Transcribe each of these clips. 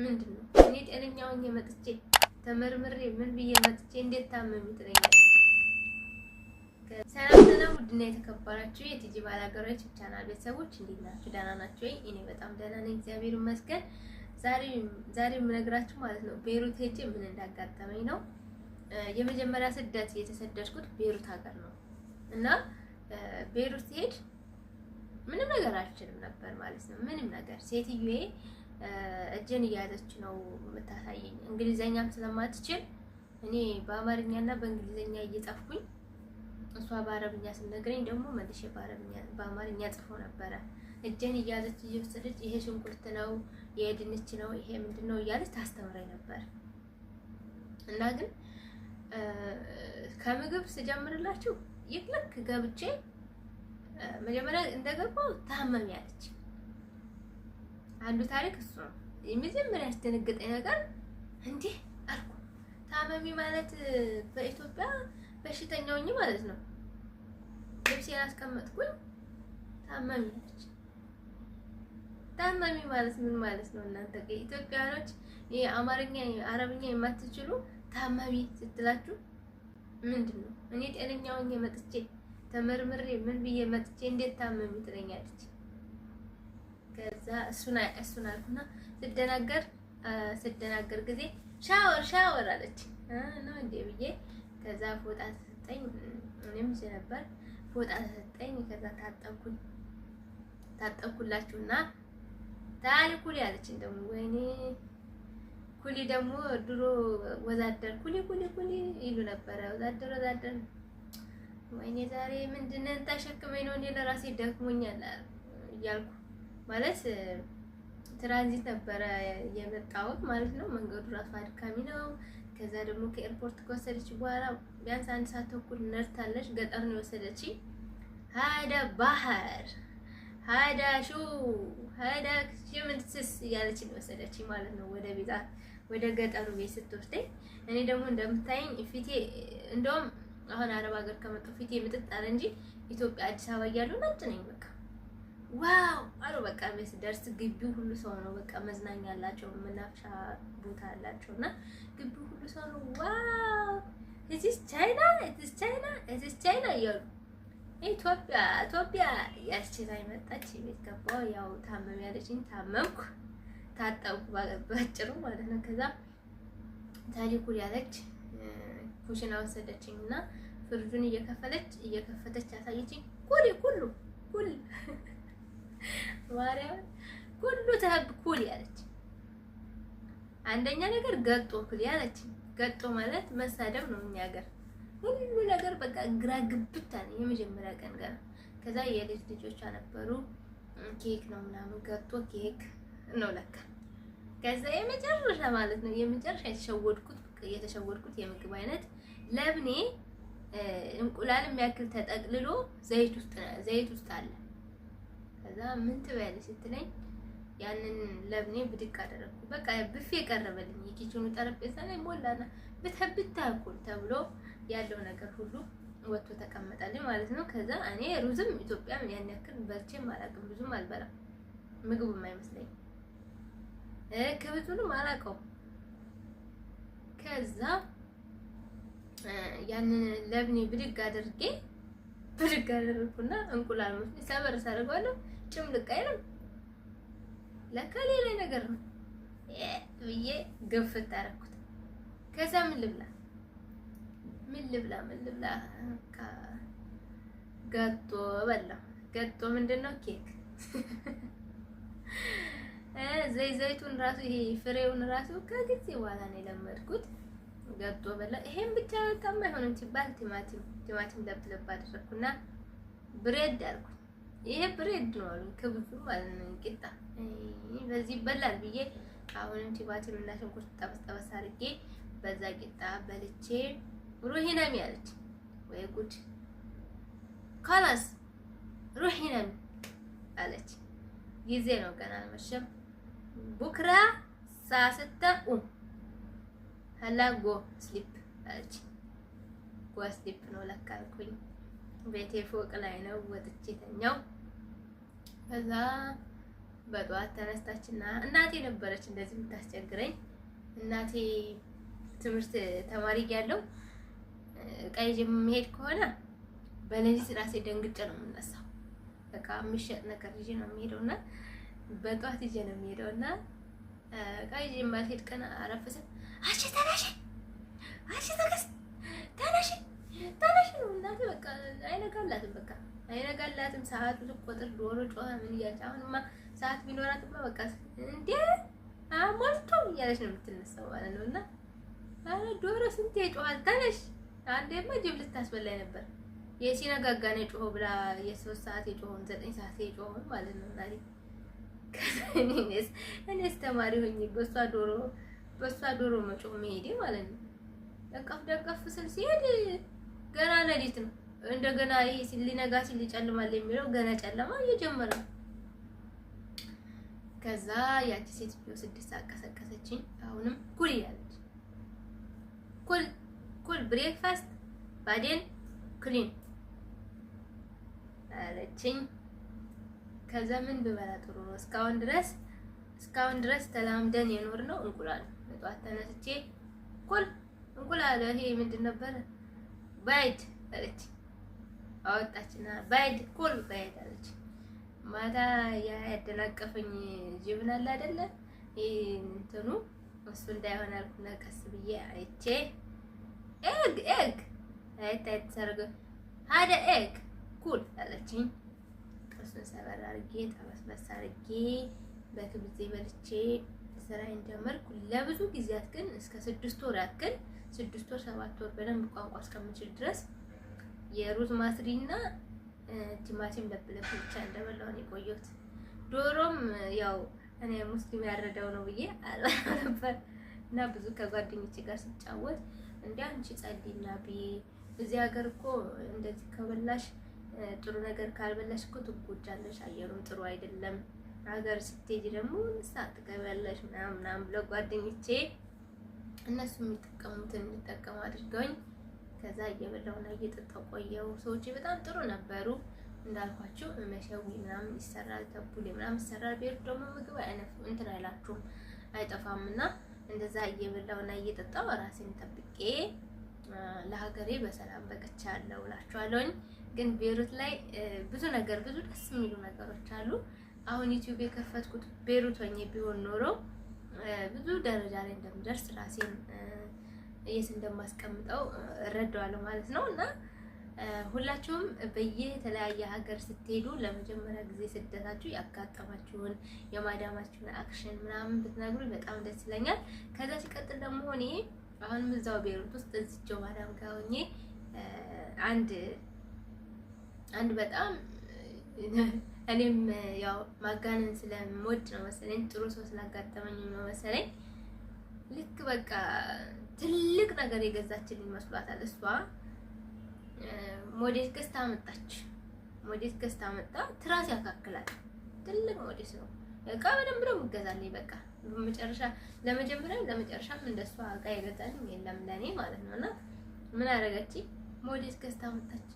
ምንድን ነው እኔ ጤነኛ ሆኜ መጥቼ ተመርምሬ ምን ብዬ መጥቼ እንዴት ታመሚ ትለኛለች። ሰላም ሰላም፣ ውድና የተከበራችሁ የቲጂ ባላገሮች ቻናል ቤተሰቦች እንዴት ናችሁ? ደህና ናችሁ ወይ? እኔ በጣም ደህና ነኝ፣ እግዚአብሔር ይመስገን። ዛሬ የምነግራችሁ ማለት ነው ቤሩት ሄጄ ምን እንዳጋጠመኝ ነው። የመጀመሪያ ስደት የተሰደድኩት ቤሩት ሀገር ነው እና ቤሩት ሄድ ምንም ነገር አልችልም ነበር ማለት ነው። ምንም ነገር ሴትዮዬ እጄን እያያዘች ነው የምታሳየኝ። እንግሊዘኛም ስለማትችል እኔ በአማርኛ በእንግሊዘኛ እየጻፍኩኝ እሷ በአረብኛ ስትነግረኝ ደግሞ መልሼ በአማርኛ ጽፎ ነበረ። እጄን እያያዘች እየወሰደች ይሄ ሽንኩርት ነው፣ ይሄ ድንች ነው፣ ይሄ ምንድን ነው እያለች ታስተምረኝ ነበር እና ግን ከምግብ ስጀምርላችሁ ይህ ልክ ገብቼ መጀመሪያ እንደገባው ታመም ያለች አንዱ ታሪክ እሱ ነው። የመጀመሪያ ያስደነገጠኝ ነገር እንዲህ አልኩ። ታመሚ ማለት በኢትዮጵያ በሽተኛውኝ ማለት ነው። ልብሴን አስቀመጥኩኝ። ታመሚ ታመሚ ማለት ምን ማለት ነው? እናንተ ኢትዮጵያኖች የአማርኛ አረብኛ የማትችሉ ታመሚ ስትላችሁ ምንድን ነው? እኔ ጤነኛውኝ መጥቼ ተመርምሬ ምን ብዬ መጥቼ እንዴት ታመሚ ትለኛለች? ከዛ እሱን እሱን አልኩና ስደናገር ስደናገር ጊዜ ሻወር ሻወር አለች ነው እንዴ ብዬ ከዛ ፎጣ ተሰጠኝ። እኔም ነበር ፎጣ ተሰጠኝ። ከዛ ታጠብኩኝ ታጠብኩላችሁና ታሪ ኩሊ አለች። እንደው ወይኔ ኩሊ ደግሞ ድሮ ወዛደር ኩሊ ኩሊ ኩሊ ይሉ ነበረ። ወዛደር ወዛደር ወይኔ ዛሬ ምንድነው ተሸክመኝ ነው እንዴ ለራሴ ደክሞኛል እያልኩ ማለት ትራንዚት ነበረ የመጣሁት ማለት ነው። መንገዱ ራሱ አድካሚ ነው። ከዛ ደግሞ ከኤርፖርት ከወሰደች በኋላ ቢያንስ አንድ ሰዓት ተኩል ነርታለች። ገጠር ነው የወሰደች። ሀዳ ባህር ሀደ ሹ ሀዳ ሽምንስስ እያለች የወሰደች ማለት ነው ወደ ቤዛ ወደ ገጠሩ ቤት ስትወስደኝ እኔ ደግሞ እንደምታይኝ ፊቴ እንደውም አሁን አረብ ሀገር ከመጣሁ ፊቴ ምጥጥ አለ እንጂ ኢትዮጵያ አዲስ አበባ እያሉ ነጭ ነኝ በቃ ዋው አሉ በቃ ስደርስ ግቢው ሁሉ ሰው ነው። በቃ መዝናኛ አላቸው፣ መናፈሻ ቦታ አላቸው እና ግቢው ሁሉ ሰው ነው። ዋው እዚስ ቻይና እዚስ ቻይና እዚስ ቻይና እያሉ ኢትዮጵያ ኢትዮጵያ ያስችላ መጣች። ቤት ገባሁ። ያው ታመም ያለችኝ ታመምኩ፣ ታጠብኩ ባጭሩ ማለት ነው። ከዛ ታሪኩል ያለች ኩሽና ወሰደችኝ እና ፍርዱን እየከፈለች እየከፈተች ያሳየችኝ ኩሊ ኩሉ ኩል ማርያም ሁሉ ተህብ ኩል ያለች አንደኛ ነገር ገጦ ኩል ያለች። ገጦ ማለት መሳደብ ነው። እኛ ሀገር ሁሉ ነገር በቃ ግራ ግብታ ነው። የመጀመሪያ ቀን ገና ከዛ የልጅ ልጆቿ ነበሩ። ኬክ ነው ምናምን ገጦ ኬክ ነው ለካ። ከዛ የመጨረሻ ማለት ነው የመጨረሻ የተሸወድኩት የተሸወድኩት የምግብ አይነት ለብኔ እንቁላል የሚያክል ተጠቅልሎ ዘይት ውስጥ ዘይት ውስጥ አለ ከዛ ምን ትበያለሽ ስትለኝ ያንን ለብኔ ብድቅ አደረግኩ። በቃ ብፌ ቀረበልኝ። የኪችኑ ጠረጴዛ ላይ ሞላና ብታኩል ተብሎ ያለው ነገር ሁሉ ወጥቶ ተቀመጠልኝ ማለት ነው። ከዛ እኔ ሩዝም ኢትዮጵያም ያን ያክል በልቼም አላውቅም፣ ብዙም አልበላም፣ ምግቡም አይመስለኝም፣ ክብቱንም አላውቀውም። ከዛ ያንን ለብኔ ብድግ አድርጌ ብድግ አደረግኩና እንቁላል ሰበር ሳደርገዋለሁ ጭምልቅ አይልም። ለካ ሌላ ነገር ነው ብዬ ግፍት አደረኩት። ከዛ ምን ልብላ ምን ልብላ ምን ልብላ ገጦ በላ። ገጦ ምንድን ነው? ኬክ ዘይ ዘይቱን ራሱ ይሄ ፍሬውን ራሱ ከጊዜ በኋላ ነው የለመድኩት። ገጦ በላ። ይሄን ብቻ በጣም አይሆንም ሲባል ቲማቲም ቲማቲም ለብለብ አደረኩና ብሬድ አልኩት። ይሄ ብሬድ ነው አሉ ክብፍ ማለት ነው። ቂጣ በዚህ ይበላል ብዬ አሁንም ቲማቲም እና ሽንኩርት ጠበስ ጠበስ አድርጌ በዛ ቂጣ በልቼ ሩሂ ነሚ አለች። ወይ ጉድ ካላስ ሩሂ ነሚ አለች። ጊዜ ነው ገና አልመሸም። ቡክራ ሳስተ ኡም ሀላ ጎ ስሊፕ አለች። ጎ ስሊፕ ነው ለካ ቤቴ ፎቅ ላይ ነው ወጥቼ ተኛው። ከዛ በጠዋት ተነስታችና እናቴ ነበረች እንደዚህ የምታስቸግረኝ። እናቴ ትምህርት ተማሪ ያለው ቀይ የምሄድ ከሆነ በሌሊት ራሴ ደንግጬ ነው የምነሳው። በቃ የሚሸጥ ነገር ይዤ ነው የሚሄደውና እና በጠዋት ይዤ ነው የሚሄደውና እና ቀይ የማልሄድ ቀን አረፈሰ። አሽ ተነሽ፣ አሽ ተነሽ ታናሽ ነው እናት በቃ አይነጋላትም። በቃ አይነጋላትም። ሰዓት ልቆጥር ዶሮ ጮኸ ምን እያለች አሁንማ ሰዓት ቢኖራትማ በቃ እንዴ አሞልቶም እያለች ነው የምትነሳው ማለት ነው። እና አረ ዶሮ ስንት ይጮሃል ታናሽ አንዴማ ጅብ ልታስበላይ ነበር። የሲነጋጋ ነው የጮኸው ብላ የሶስት ሰዓት የጮኸውን ዘጠኝ ሰዓት የጮኸውን ማለት ነው ዛሬ እኔስ ተማሪ ሆኜ በሷ ዶሮ በሷ ዶሮ መጮህ መሄዴ ማለት ነው። ደቀፍ ደቀፍ ስል ሲሄድ ገና ለሊት ነው። እንደገና ይሄ ሊነጋ ሲል ይጨልማል የሚለው ገና ጨለማ እየጀመረ ነው። ከዛ ያቺ ሴትዮ ስድስት አቀሰቀሰችኝ። አሁንም ኩል እያለች ኩል ኩል ብሬክፋስት ባዴን ክሊን አለችኝ። ከዛ ምን ብበላ ጥሩ ነው? እስካሁን ድረስ እስካሁን ድረስ ተላምደን የኖር ነው እንቁላል። ጠዋት ተነስቼ ኩል እንቁላል ይሄ ምንድን ነበር? በይድ አለች። አወጣችና በይድ ኩል በይድ አለች። ማታ ያ ያደናቀፈኝ ጅብን አለ አይደለ? እንትኑ እሱ እንዳይሆን አልኩና ቀስ ብዬ አይቼ ኤግ ኤግ አይታ የተሰርገ ሀደ ኤግ ኩል አለችኝ። እሱን ሰበር አድርጌ ጠበስበስ አድርጌ በክብዜ በልቼ ስራዬን ጀመርኩ። ለብዙ ጊዜያት ግን እስከ ስድስት ወር ያክል ስድስት ወር ሰባት ወር በደንብ ቋንቋ እስከምችል ድረስ የሩዝ ማስሪ እና ቲማቲም ለብለብ ብቻ እንደበላሁ ነው የቆየሁት። ዶሮም ያው እኔ ሙስሊም ያረዳው ነው ብዬ ነበር እና ብዙ ከጓደኞቼ ጋር ስጫወት እንደ አንቺ ጸልይና ብዬ እዚህ ሀገር እኮ እንደዚህ ከበላሽ ጥሩ ነገር ካልበላሽ እኮ ትጎጃለሽ፣ አየሩም ጥሩ አይደለም፣ ሀገር ስትሄጂ ደግሞ ትገቢያለሽ ምናምን ምናምን ብለው ጓደኞቼ እነሱ የሚጠቀሙትን እንዲጠቀሙ አድርገውኝ ከዛ እየበላውና እየጠጣው ቆየው። ሰዎች በጣም ጥሩ ነበሩ። እንዳልኳችሁ መሸዊ ምናምን ይሰራል፣ ተቡሌ ምናምን ይሰራል። ቤሩት ደግሞ ምግብ አይነፍ እንትን አይላችሁም አይጠፋም። እና እንደዛ እየበላውና እየጠጣው ራሴን ጠብቄ ለሀገሬ በሰላም በቅቻለሁ እላችኋለሁኝ። ግን ቤሩት ላይ ብዙ ነገር ብዙ ደስ የሚሉ ነገሮች አሉ። አሁን ዩቲዩብ የከፈትኩት ቤሩት ሆኜ ቢሆን ኖሮ ብዙ ደረጃ ላይ እንደምደርስ ራሴን የት እንደማስቀምጠው እረዳዋለሁ ማለት ነው። እና ሁላችሁም በየተለያየ ሀገር ስትሄዱ ለመጀመሪያ ጊዜ ስደታችሁ ያጋጠማችሁን የማዳማችሁን አክሽን ምናምን ብትነግሩ በጣም ደስ ይለኛል። ከዛ ሲቀጥል ደግሞ እኔ አሁንም እዛው ቤሩት ውስጥ እዚቸው ማዳም ጋር ሆኜ አንድ አንድ በጣም እኔም ያው ማጋነን ስለምወድ ነው መሰለኝ፣ ጥሩ ሰው ስላጋጠመኝ ነው መሰለኝ። ልክ በቃ ትልቅ ነገር የገዛችልኝ መስሏታል እሷ። ሞዴስ ገዝታ መጣች። ሞዴስ ገዝታ መጣ። ትራስ ያካክላል። ትልቅ ሞዴስ ነው። እቃ በደንብ ነው የምገዛልኝ። በቃ መጨረሻ ለመጀመሪያ ለመጨረሻም እንደሷ እቃ የገዛልኝ የለም ለእኔ ማለት ነው። እና ምን አደረገች? ሞዴስ ገዝታ መጣች።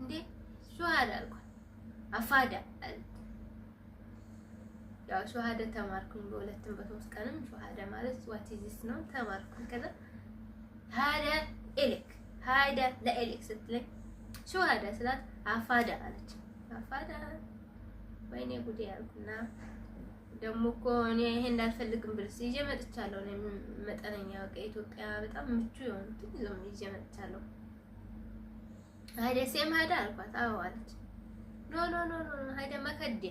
እንዴ ዙ አዳልኳት አፋዳ ያው ሸሃደ ተማርኩኝ በሁለትም በሶስት ቀንም ሸሃደ ማለት ዋት ኢዝ ነው ተማርኩኝ። ከዛ ሃዳ ኤሌክ ሃዳ ለኤሌክ ስትለኝ ሸሃደ ስላት አፋዳ አለች። አፋዳ ወይኔ ጉዴ ያልኩና ደግሞ እኮ እኔ ይሄን አልፈልግም ብልስ ይዤ መጥቻለሁ። እኔ መጠነኛ በቃ ኢትዮጵያ በጣም ምቹ የሆኑትን ይዤ መጥቻለሁ። ሃዳ ሴም ሃዳ አልኳት። አዎ አለች። ኖ ኖ ኖ ኖ ሀይደ መከዴ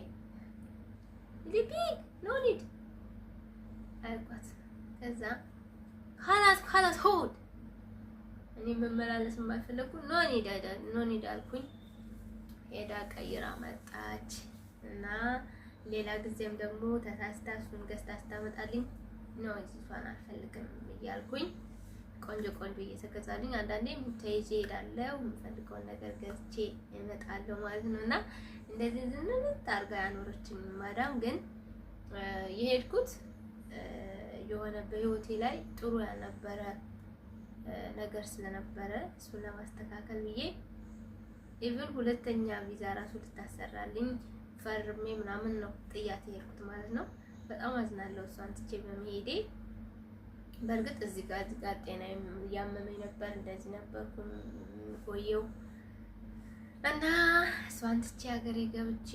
ሊፒ ኖ ኒድ አልኳት። ከዛ ካላስ ካላስ ሆድ እኔ መመላለስ የማልፈለኩ ኖ ኒድ አይዳ ኖ ኒድ አልኩኝ። ሄዳ ቀይራ መጣች እና ሌላ ጊዜም ደግሞ ተሳስታ እሱን ገዝታ አስታመጣልኝ ነው እሷን አልፈልግም እያልኩኝ ቆንጆ ቆንጆ እየተገዛልኝ አንዳንዴም ተይዤ እሄዳለሁ። የምፈልገውን ነገር ገዝቼ እመጣለሁ ማለት ነው እና እንደዚህ ዝንብት አድርጋ ያኖረችኝ ማዳም ግን የሄድኩት የሆነ በህይወቴ ላይ ጥሩ ያልነበረ ነገር ስለነበረ እሱን ለማስተካከል ብዬ ኢቭን ሁለተኛ ቪዛ ራሱ ልታሰራልኝ ፈርሜ ምናምን ነው ጥያት የሄድኩት ማለት ነው። በጣም አዝናለሁ እሷን ትቼ በመሄዴ በእርግጥ እዚህ ጋር እዚህ ጋር ጤና እያመመኝ ነበር፣ እንደዚህ ነበርኩ ቆየው እና እሷን ትቼ ሀገሬ ገብቼ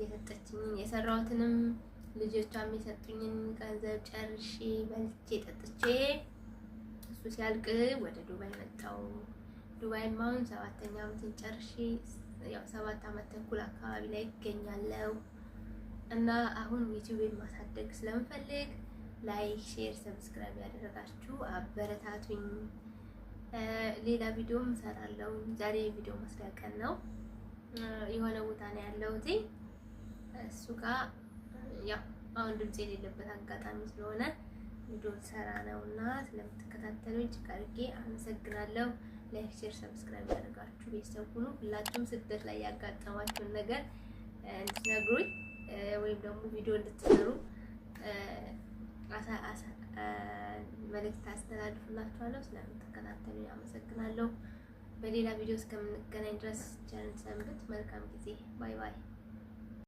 የሰጠችኝን የሰራሁትንም ልጆቿም የሰጡኝን ገንዘብ ጨርሼ በልቼ ጠጥቼ እሱ ሲያልቅ ወደ ዱባይ መጣሁ። ዱባይም ማሁን ሰባተኛ ዓመቴን ጨርሼ ያው ሰባት ዓመት ተኩል አካባቢ ላይ ይገኛለሁ እና አሁን ዩቲዩብን ማሳደግ ስለምፈልግ ላይክ፣ ሼር፣ ሰብስክራይብ ያደረጋችሁ አበረታቱኝ። ሌላ ቪዲዮም እሰራለሁ። ዛሬ የቪዲዮ መስሪያ ቀን ነው። የሆነ ቦታ ነው ያለሁት። እሱ ጋር ያው አሁን ድምፅ የሌለበት አጋጣሚ ስለሆነ ቪዲዮ ሰራ ነው እና ስለምትከታተሉኝ እጅግ አድርጌ አመሰግናለሁ። ላይክ፣ ሼር፣ ሰብስክራይብ ያደረጋችሁ ቤተሰብ ሁሉ ሁላችሁም ስደት ላይ ያጋጠማችሁን ነገር እንድትነግሩኝ ወይም ደግሞ ቪዲዮ እንድትሰሩ መልእክት አስተላልፍላችኋለሁ። ስለምትከታተሉ አመሰግናለሁ። በሌላ ቪዲዮ እስከምንገናኝ ድረስ ቸርን መልካም ጊዜ። ባይ ባይ።